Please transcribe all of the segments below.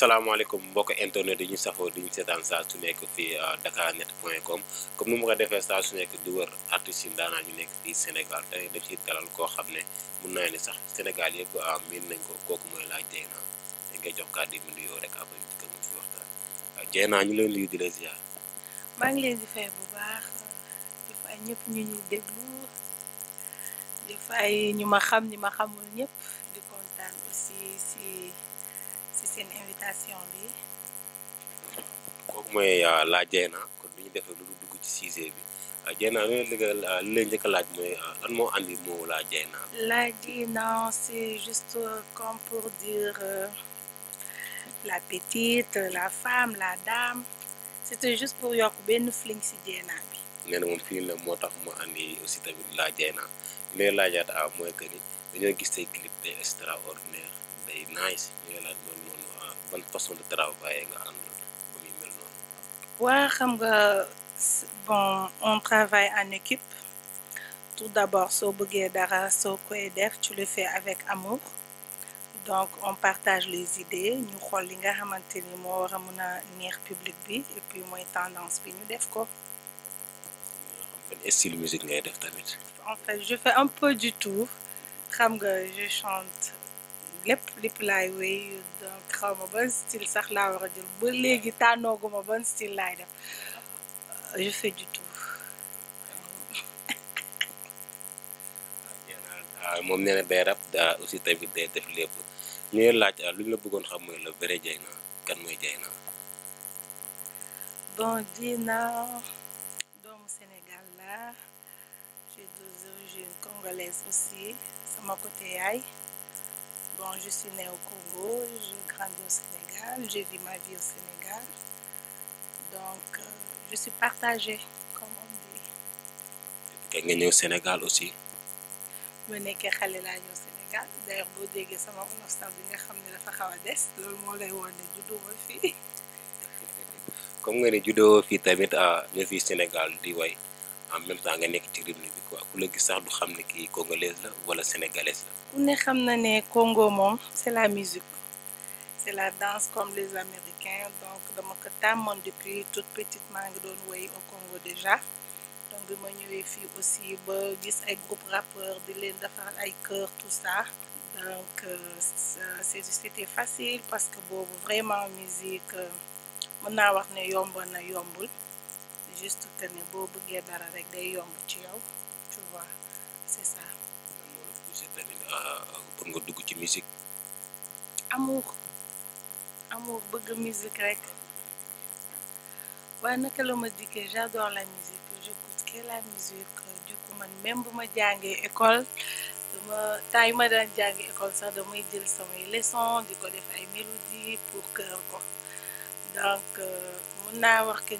salaamaaleykum mbokk internet yi ñu safoo di ñu seetaan saa su nekk fii euh, dakarnet point com comme ni ma ko defee saa su nekk di wër artistes yi ñu nekk fii Sénégal te def ci dalal koo xam ne mun naa ne sax Sénégal yëpp euh, miin nañ ko kooku mooy laaj Dieyna dañ euh, ñu leen nuyu di maa ngi leen di fay bu baax di fay ñëpp ñu ñu déglu di fay ñu ma xam ñi ma xamul ñëpp di kontaan aussi si. si seen invitation bi. kooku mooy euh, laaj kon lu ñu def lu dugg ci sujet bi euh, Dieyna li leen euh, njëkk a laaj mooy lan moo andi moo laaj Dieyna. laaj Dieyna la petite la femme la dame c'était juste benn fling si Dieyna bi. moo tax mu andi aussi tamit laaj Dieyna li lay gis say clip te extraordinaire. day nice ñu ngi naan noonu ah, ban façon de travail nga àndal ba muy mel noonu. waa xam nga bon on travaille en équipe tout d'abord soo bëggee dara soo koy def tu le fait avec amour donc on partage les idées ñu xool li nga xamante ni moo war a mën a neex public bi et puis mooy tendance bi ñu def ko. en fait je fais un peu du tout xam nga je chante. lépp lépp laay wéy donc xaw ma ban style sax laa wax a jël ba léegi tànnooguma ban style laay def euh, je fais du tout. waaw ah, moom nee na day rap aussi tamit day def lépp ñu laaj ah, lu ñu la bëggoon xam mooy le vrai Dieyna kan mooy Dieyna. bon Dieyna doomu Sénégal la je suis congolaise aussi sama côté yaay. Bon, je suis née au Congo, j'ai Sénégal, j'ai vu ma vie au Sénégal. Donc, euh, je suis partagée, comme on dit. kañ nga Sénégal aussi. ma nekkee xale laa Sénégal d'ailleurs boo déggee sama olof sax bi xam ne dafa xaw a des loolu moo lay woon ne juddoo fii. comme nga ne juddoo fii tamit ñëw ah, fii Sénégal di way. en même temps nga nekk ci rythme bi quoi ku la gis sax du xam ne kii congolaise la wala sénégalaise la. ku ne xam na ne Congo moom c'est la musique c'est la danse comme les Américains donc dama ko tàmmoon depuis tout petite maa ngi doon woy au Congo déjà donc bi ma ñëwee fii aussi ba gis ay groupe rappeur di leen defar ay chœur tout ça. donc euh, c'est c'était facile parce que boobu vraiment musique euh, mën naa wax ne yomb na yombul. juste que ne boo bëggee dara rek day yomb ci yow tu vois c'est ça. Ah, ah, nga dugg ci musique. amour amour bëgg musique rek waaye naka la ma dikkee j'adore la musique j'écoute que la musique du man même bu ma jàngee école dama temps ma daan jàngi école sax damay jël samay leçon di ko def ay mélodie pour cœur ko donc euh, mun naa wax que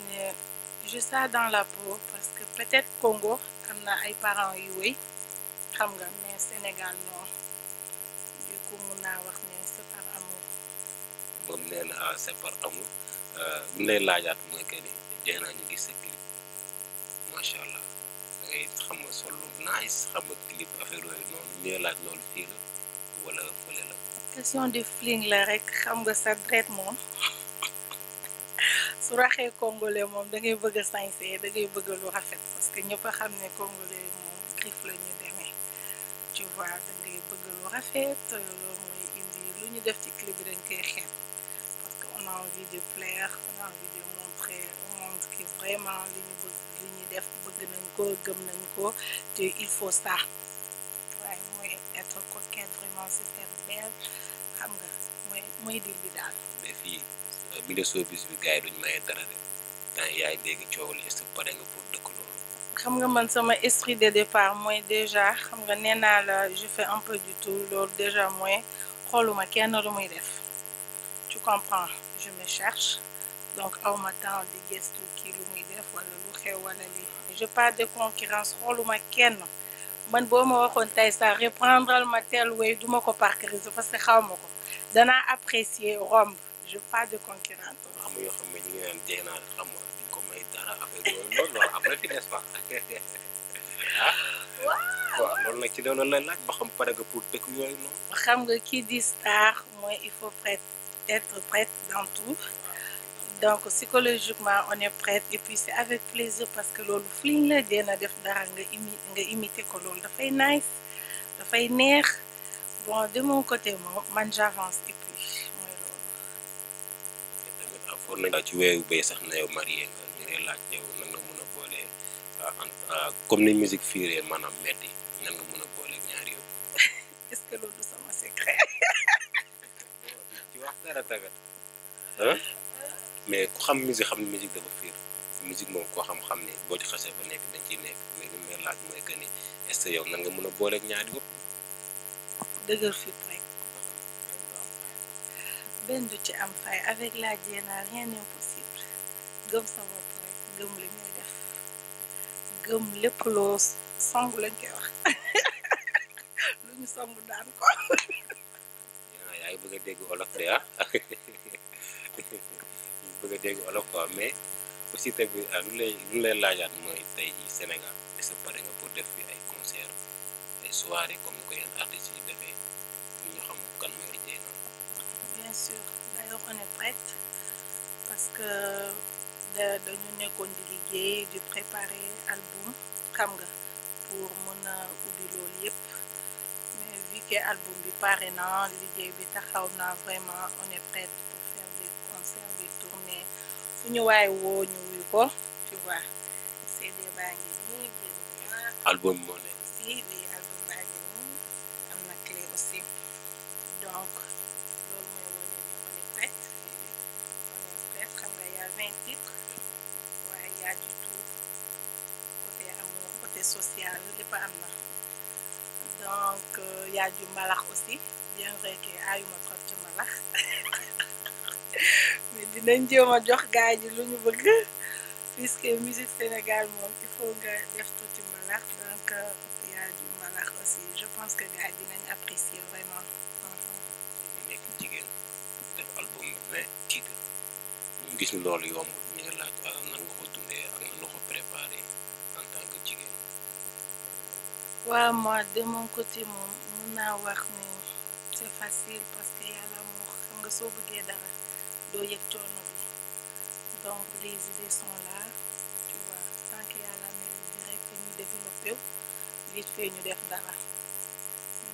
juste dans la peau parce que peut-être Congo am na ay parents yu wéy xam nga mais Sénégal non du mun naa wax ne c'est amour. moom nee na ah, amour bu euh, ñu laajaat mooy que ni jéem naa ñu gis sa clip macha allah ngay xam nga sol lu nice xam nga clip affaire yooyu noonu ñu laaj loolu fii la wala fële la. question de fling la rek xam nga sa dret moom. su raxee congolais moom da ngay bëgg a sañse da ngay bëgg lu rafet parce que ñëpp a xam ne congolais moom xiif la ñu demee tu vois da lu rafet euh, loolu mooy indi lu ñu def ci clip bi dañ koy xeet parce que on envie de plaire on envie de montrer au monde que vraiment li ñu def bëgg nañ ko gëm nañ ko te il faut ça waaye mooy être coquette vraiment c'est très belle xam nga mooy mooy bi daal. bi de dara de temps yaay léegi coow li est ce pare nga pour dëkk loolu. xam nga man sama esprit de départ mooy déjà xam nga nee naa la je fais un peu du tout loolu déjà mooy xooluma kenn lu muy def tu comprends je me cherche donc aw ma temps di gëstu kii lu muy def wala lu xew wala lii. je parle de concurrence xooluma kenn. man boo ma waxoon tey sax reprendre ma tel way duma ko parcuriser parce que xaw ma ko danaa apprécier romb je pas de concurrence. am nga di ko may dara affaire yooyu noonu loolu am na fi ah, xam nga pour dëkk yooyu mooy il faut prête dans tout donc psychologiquement on est prête et puis c'est avec plaisir parce que loolu fliñ la jéem def dara nga imi ko loolu dafay nice dafay neex de mon côté moom man j'avance war nañ ci weewu bay sax na yow marié nga ñu lay laaj yow nan nga mën a boole ah, ah, comme ni musique fiiree maanaam metti nan nga mën a boole ñaari yow. est-ce que loolu sama secret. ci wax dara tamit ah mais ku xam musique xam ne musique dafa fiir musique moom koo xam-xam ne boo ci xasee ba nekk dañ ciy nekk laaj mooy que ni est yow nan nga mën a boole ñaari yëpp. dëgër fit benn du ci am fay avec la Dieyna rien n'est impossible gëm sa bopp rek gëm li ngay def gëm lépp loo song lañ koy wax lu ñu song daan ko yaa ngi bëgg a dégg olof de ah ñu bëgg a dégg olof quoi mais aussi tamit ah, lu lay lu lay laajaat mooy tey ji Sénégal est-ce pare nga pour def fi ay concert ay soirée bien sûr d'ailleurs on est prête parce que dañu nekkoon di liggéey di préparer album xam nga pour mën na ubbi loolu yëpp mais vu album bi pare na liggéey bi taxaw na vraiment on est prête pour faire des concerts des tournées fu ñu waay woo ñu wuy ko tu vois CD baa ngi nii album moo nekk aussi album baa ngi nii am na clé aussi donc vingt titres waaye yaa du tout côté amour côté social lépp am na donc euh, yaa ju malax aussi bien vrai que aayuma trop ci malax mais dinañ jéem a jox gars yi lu ñu bëgg puisque musique Sénégal moom il faut nga def tuuti malax donc euh, yaa ju malax aussi je pense que gars dinañ apprécier vraiment gis ñu loolu yomb ñu ngi laaj ko dundee ak nan nga ko préparé en tant que jigéen. waaw moi de côté moom mun naa wax ne c'est facile parce yàlla moo xam nga soo bëggee dara doo yëg coono bi donc les idées sont là tu vois yàlla mel bi ñu développé vite fait ñu def dara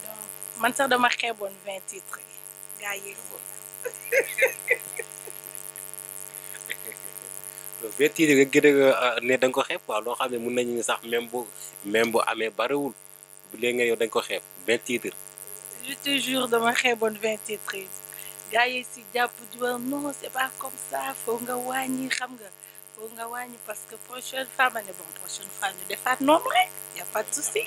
donc man sax dama xeboon vingt titres yi gaa yëg ko bee tiit nga a ne da nga ko xeeb waaw loo xam ne mun nañu sax même bu même bu amee bariwul bu léegi nga yow da ko xeeb vingt titres. je te jure dama xeeboon vingt titres yi si jàpp di wax non c'est pas comme ça foog nga wàññi xam nga foog nga wàññi parce que prochaine fois ma ne bon prochaine fois defaat noonu rek y a pas de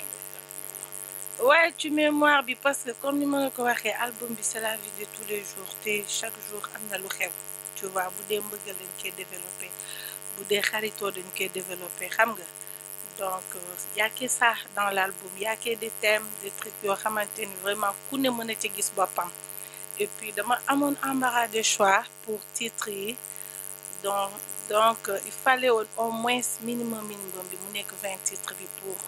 waaye ci mémoire bi parce que comme ni ma la ko waxee album bi c'est la vie de tous les jours te chaque jour am na lu xew tu vois bu dee bu dee xaritoo dañ koy développé xam nga donc euh, yaakee sax dans l'album yaakee des thèmes des trucs yoo xamante ni vraiment ku ne mën a ci gis boppam et puis dama amoon embarras de choix pour titre yi donc donc euh, il woon au moins minimum minimum bi mu nekk vingt titres bi pour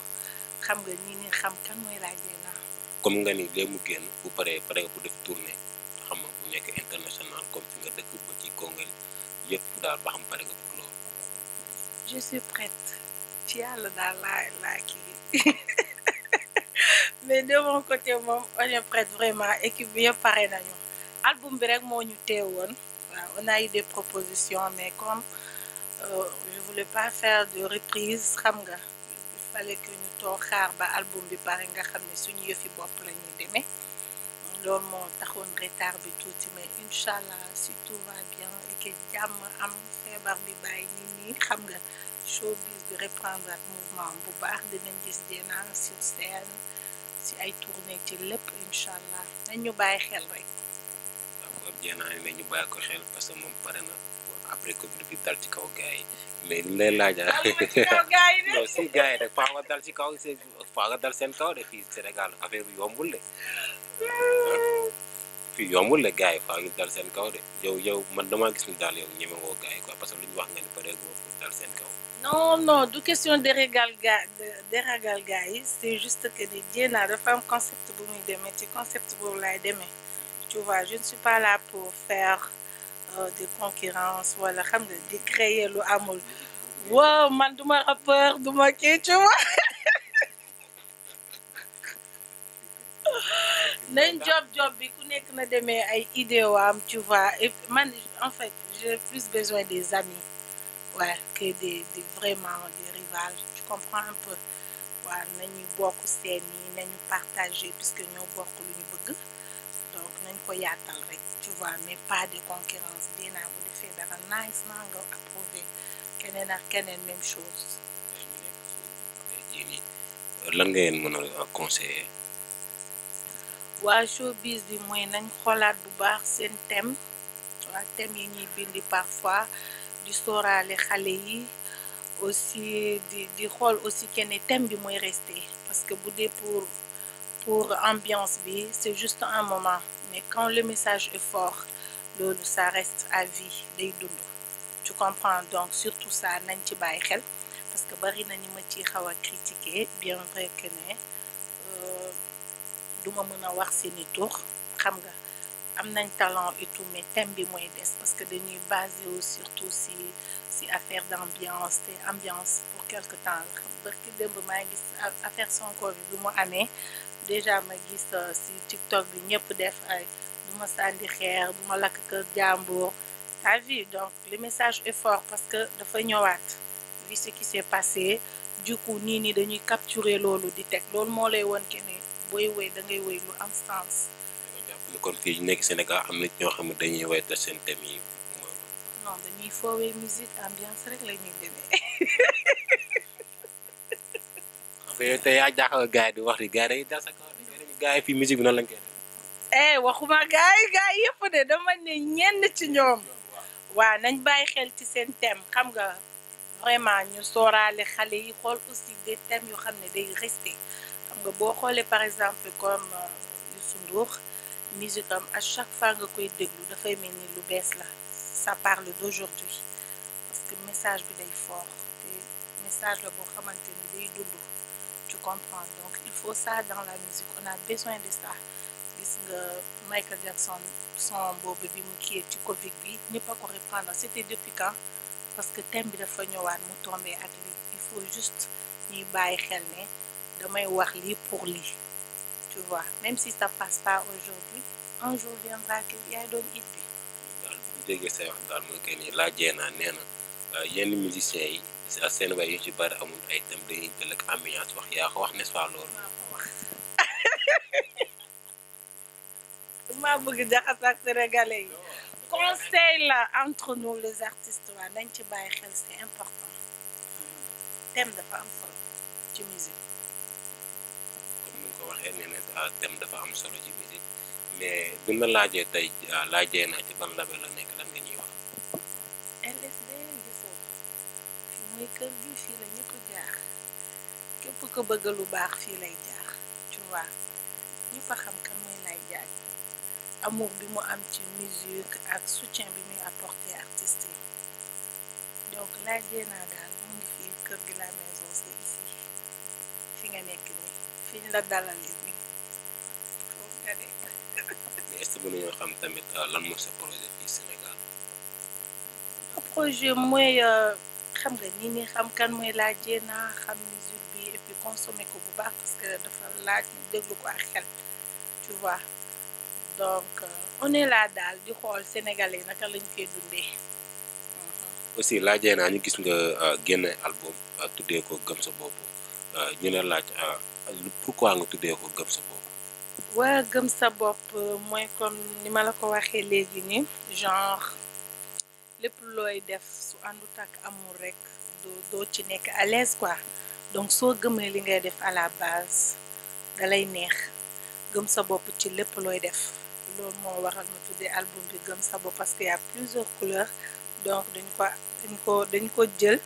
xam nga ñi ni xam kan mooy laajee naa comme nga ni léegi mu génn bu paree pare bu def tournée xam nga bu nekk international comme fi nga dëkk ba ci Congo yëpp daal ba xam pare je suis prête ci yàlla daal laa laa kii mais de mon côté moom on est prête vraiment équipe bi yëpp pare nañu album bi rek moo ñu teewoon waaw on a eu des propositions mais comme euh, je voulais pas faire de reprise xam nga il fallait que ñu toog xaar ba album bi pare nga xam ne suñu yëfi bopp la ñuy loolu moo taxoon retard bi tuuti mais incha allah si tout va bien et que jàmm am feebar bi bàyyi nit ñi xam nga showbiz bi reprendre ak mouvement bu baax dinañ gis Dieyna sur scène si ay tournée ci lépp incha allah ñu bàyyi xel rek. d' accord Dieyna nañu bàyyi ko xel parce que moom pare na après Covid bi dal ci kaw gars yi mais li lay ah. dal ci kaw gars si gars rek faaw nga dal ci kaw faa nga dal seen kaw de fii Sénégal affaire bi yombul de fii yombul de gars yi dal seen kaw de yow yow man damaa gis ni daal yow ñeme woo gars yi quoi parce que lu ñu wax nga ni pare nga dal seen kaw. non non du question dérégal gaa dérégal gars juste que ni jéenaa dafa am concept bu muy demee ci concept boobu laay demee tu vois je ne pour faire euh, des wala xam nga di créer lu amul waaw man duma rappeur duma kii tu nañ job job bi ku nekk na demee ay idée waam tu vois man en fait j'ai plus besoin des amis que des des vraiment des rivales tu comprends un peu waaw nañu bokk seen yi nañu partager puisque ñoo bokk lu ñu bëgg donc nañ ko yaatal rek tu vois mais pas de concurrence dinaa bu defee dara nice naa nga approuvé keneen ak keneen même chose lan ngeen mën a conseiller waa showbiz bi mooy nañ xoolaat bu baax seen thème waa thème yi ñuy bindi parfois di sóoraale xale yi aussi di di xool aussi kenn thème bi mooy resté parce que bu dee pour ambiance bi c'est juste un moment mais quand le message est fort loolu ça reste à vie day dund tu comprends donc surtout ça nañ ci bàyyi xel parce que bari na ñi ma ci xaw a critiquer bien vrai que ne euh, duma mën a wax seeni tur xam nga am nañ talent et tout mais thème bi mooy des parce que dañuy basé wu surtout si si affaire d' ambiance te ambiance pour quelque temps la xam bërki démb maa gis affaire Sonko bi bu mu amee déjà ma gis euh, si TikTok bi ñëpp def ay du ma sànni xeer du ma lakk kër jàmbur ta vu donc le message est fort parce que dafa ñëwaat vu ce qui s'est passé du nii nii dañuy capturer loolu di teg loolu moo lay woon keneen booy woy da woy lu am sens. fii nekk Sénégal am na ñoo xam ne dañuy woy te seen thème yi. non dañuy rek la ñuy demee. yaa jaaxal gars di wax ni gars yi dañuy bi noonu lañ koy def. Eh, waxuma gars yi yëpp de dama ne ñenn ci ñoom. waaw nañ bàyyi xel ci seen thème xam nga vraiment ñu sooraale xale yi xool aussi des thèmes yoo xam ne day resté nga boo xoolee par exemple comme euh, Youssou Ndour musique am chaque fois nga koy déglu dafay mel ni lu bees la sa parle d'aujourd'hui parce que message bi day fort te message la boo xamante ni day dund tu comprends donc il faut ça dans la musique on a besoin de ça gis nga Michael Jackson son boobu bi mu kii ci Covid bi ñëpp a ko reprendre c'était depuis quand parce que thème bi dafa ñëwaat mu tombé ak li il faut juste ñuy bàyyi xel ne damay wax lii pour lii tu vois même si ça passe pas aujourd'hui un jour viendra que yaay doon it bi daal déggee say wax daal mooy que ni laa jeenaa nee na euh, yenn musiciens yi Sénégal yu ci bari amul ay thèmes dañuy jël ak wax yaa ko wax n'est-ce bëgg jaxas ak sénégalais yi conseil la entre nous les artistes waa nañ ci bàyyi xel c'est important thème dafa am solo ci musique ko waxee nee ah dafa am solo ci biir mais bi ma laajee tey ah, laajee naa ci ban label la nekk lan nga ñuy wax. LSD ngi foofu mooy kër gi fii la ko jaar képp ko bëgg lu baax fii lay jaar tu vois ñu xam kan mooy lay jaay amour bi mu am ci musique ak soutien bi muy apporté artiste yi donc laajee naa daal mu ngi fii kër gi la maison c'est ici fi nga nekk nii. fiñ la dalal nii foofu nga nekk. mais xam tamit euh, lan mooy sa projet fii Sénégal. projet mooy euh, xam nga nii nii xam kan mooy laajee naa xam musique bi et puis ko bu baax parce dafa laaj ñu déglu ko xel tu vois donc euh, on est daal di xool sénégalais naka lañ koy dundee. Mm-hmm. aussi laajee naa ñu gis nga génne album tuddee ko gëm sa bopp ñu ne laaj. pourquoi nga tuddee ko gëm sa bopp. waa gëm sa bopp euh, mooy kon ni ma la ko waxee léegi ni genre lépp looy def su àndut takk amul rek doo doo ci nekk à l'aise quoi donc soo gëmee li ngay def à la base dalay neex gëm sa bopp ci lépp looy def loolu moo waral ma tuddee album bi gëm sa bopp parce que plusieurs couleurs donc dañ ko dañ ko dañ ko jël.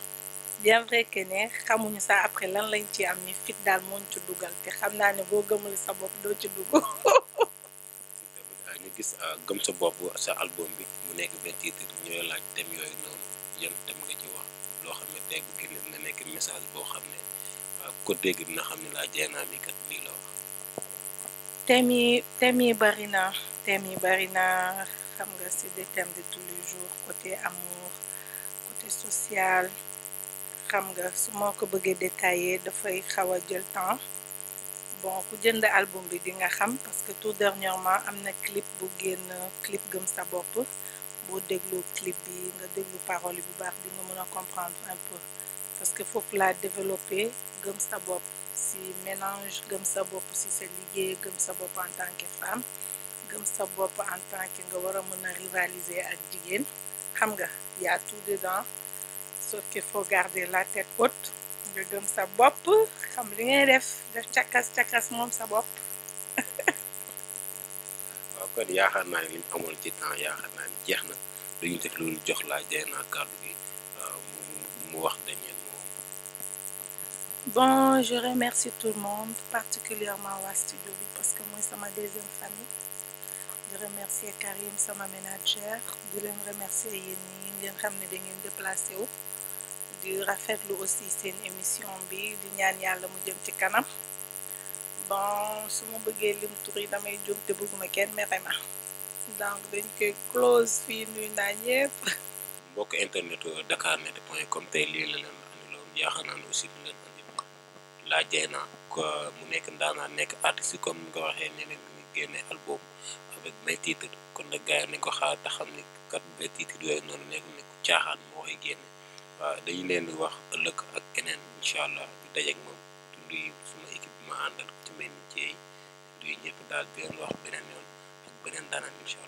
bien vrai que ne xamuñu sax après lan lañ ci am ni fit daal moom ci dugal te xam naa ne boo gëmul sa bopp doo ci dugg ñu gis ah, gëm sa bopp sa album bi mu nekk vingt ñooy laaj thème yooyu noonu yan thème nga ci wax loo xam ne tey bu na xam ne ah, ko dégg na xam ne laa jeenaa mi la wax thème yi thème yi bari na thème yi bari na xam nga c'est des thèmes de tous les jours côté amour côté social xam nga su ma ko bëggee détaillé dafay xaw a jël temps bon ku jënd album bi di nga xam parce que tout dernièrement am na clip bu génn clip gëm sa bopp boo déglu clip bi nga déglu parole bu baax di nga mën a comprendre un peu parce que faut laa la gëm sa bopp si mélange gëm sa bopp si sa liggéey gëm sa bopp en tant que femme gëm sa bopp en tant que nga war a mën a rivaliser ak jigéen xam nga y tout tout dedans sauf qu'il faut garder la tête haute nga sa bopp xam li ngay def def càkkas càkkas moom sa bopp waaw kon yaakaar naa ne liñ amoon ci temps yaakaar naa ni jeex na dañu def loolu jox laa jay naa kàddu gi euh, mu wax dañeen moom bon je remercie tout le monde particulièrement waa studio bi parce que mooy sama deuxième famille di remercier Karim sama ménagère di leen remercier yi ñi ngeen xam ne da ngeen wu di rafetlu aussi seen émission bi di ñaan yàlla mu jëm ci kanam bon su ma bëggee lim tur yi damay jum te bëgguma kenn mere ma donc dañ koy close fii nuyu naa ñëpp. mbokk internet dakarnet point com tey lii la leen andiloon yaakaar naa ne aussi du ko mu nekk ndaanaan nekk artiste nga waxee ne mu génne album avec vingt titres kon nag gars yi nañ ko xaar te xam kat vingt titres yooyu noonu nekk ne ku caaxaan moo koy génne. waaw dañu leen di wax ëllëg ak keneen incha allah ñu dajeeg moom di suma équipe ma àndal ci mel ni Dieye ñëpp daal di leen wax beneen yoon ak beneen daanaan incha